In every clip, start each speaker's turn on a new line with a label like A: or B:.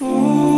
A: Ooh.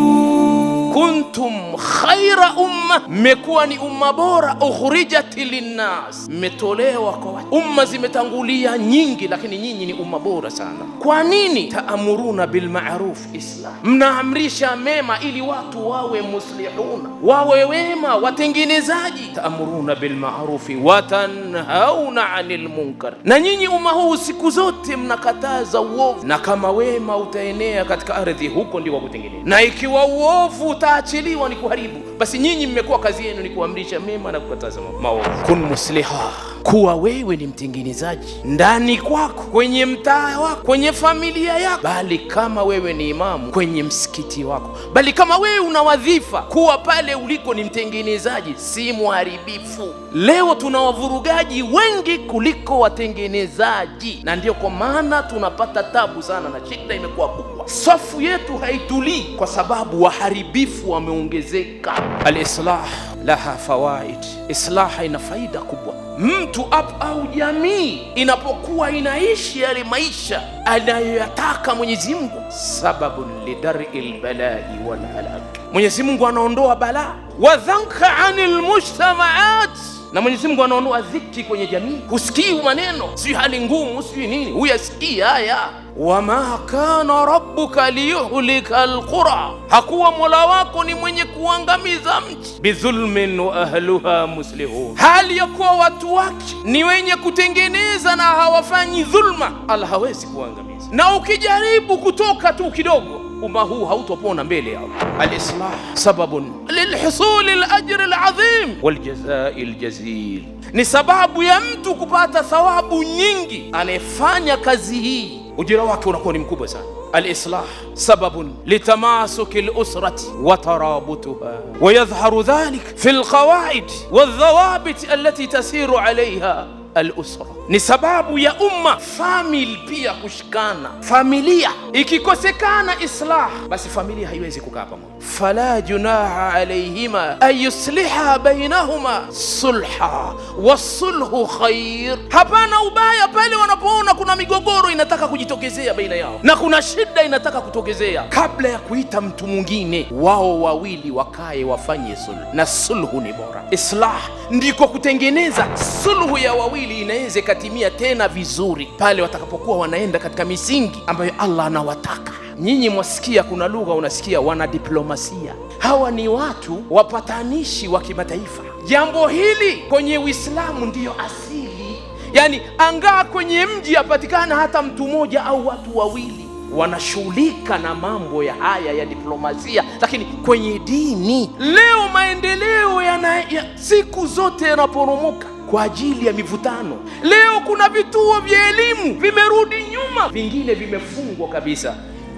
A: kuntum khaira umma, mmekuwa ni umma bora, ukhrijati linnas, mmetolewa kwa watu. Umma zimetangulia nyingi, lakini nyinyi ni umma bora sana. Kwa nini? taamuruna bilmaruf islam, mnaamrisha mema ili watu wawe muslihuna, wawe wema, watengenezaji. taamuruna bilmarufi watanhauna anil munkar, na nyinyi umma huu siku zote mnakataza uovu, na kama wema utaenea katika ardhi, huko ndio wakutengeneza, na ikiwa uovu ukaachiliwa ni kuharibu basi nyinyi mmekuwa kazi yenu ni kuamrisha mema na kukataza maovu. Kun musliha, kuwa wewe ni mtengenezaji ndani kwako, kwenye mtaa wako, kwenye familia yako, bali kama wewe ni imamu kwenye msikiti wako, bali kama wewe una wadhifa, kuwa pale uliko ni mtengenezaji, si mharibifu. Leo tuna wavurugaji wengi kuliko watengenezaji, na ndio kwa maana tunapata tabu sana na shida imekuwa kubwa. Safu yetu haitulii kwa sababu waharibifu wameongezeka. Alislah laha fawaid, islaha ina faida kubwa. Mtu ap au jamii inapokuwa inaishi yale maisha anayoyataka Mwenyezi Mungu, sababun lidari lbalai walhalak, Mwenyezi Mungu anaondoa balaa. Wadhanka anil mujtamaat na Mwenyezi Mungu anaondoa dhiki kwenye jamii. Husikii maneno, si hali ngumu, si nini, huyasikii haya. Wama kana rabbuka liyuhlika alqura, hakuwa mola wako ni mwenye kuangamiza mji bidhulmin wa ahluha muslihun, hali ya kuwa watu wake ni wenye kutengeneza na hawafanyi dhulma. Ala hawezi kuangamiza, na ukijaribu kutoka tu kidogo, umma huu hautopona mbele yao. Alislah sababun لحصول الأجر العظيم والجزاء الجزيل ni sababu ya mtu kupata thawabu nyingi anayefanya kazi hii ujira wake unakuwa الإصلاح سبب لتماسك الأسرة وترابطها ويظهر ذلك في القواعد والضوابط التي تسير عليها al-usra ni sababu ya umma family pia kushikana. Familia ikikosekana islah, basi familia haiwezi kukaa pamoja. fala junaha alayhima an yusliha bainahuma sulha wasulhu khair, hapana ubaya pale wanapoona kuna migogoro inataka kujitokezea baina yao na kuna shida inataka kutokezea, kabla ya kuita mtu mwingine, wao wawili wakae wafanye sulhu, na sulhu ni bora. Islah ndiko kutengeneza sulhu ya wawili mawili inaweza ikatimia tena vizuri pale watakapokuwa wanaenda katika misingi ambayo Allah anawataka. Nyinyi mwasikia kuna lugha unasikia wana diplomasia Hawa ni watu wapatanishi wa kimataifa. Jambo hili kwenye Uislamu ndiyo asili, yaani angaa kwenye mji apatikana hata mtu mmoja au watu wawili wanashughulika na mambo ya haya ya diplomasia, lakini kwenye dini leo maendeleo yana ya, siku zote yanaporomoka kwa ajili ya mivutano. Leo kuna vituo vya elimu vimerudi nyuma, vingine vimefungwa kabisa.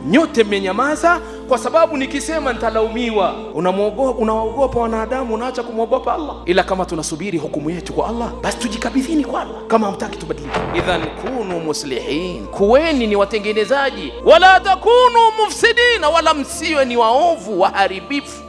A: Nyote mmenyamaza kwa sababu nikisema nitalaumiwa. Unawaogopa wanadamu, unaacha kumwogopa Allah. Ila kama tunasubiri hukumu yetu kwa Allah, basi tujikabidhini kwa Allah kama hamtaki tubadilike. Idhan kunu muslihin, kuweni ni watengenezaji, wala takunu mufsidina, wala msiwe ni waovu waharibifu.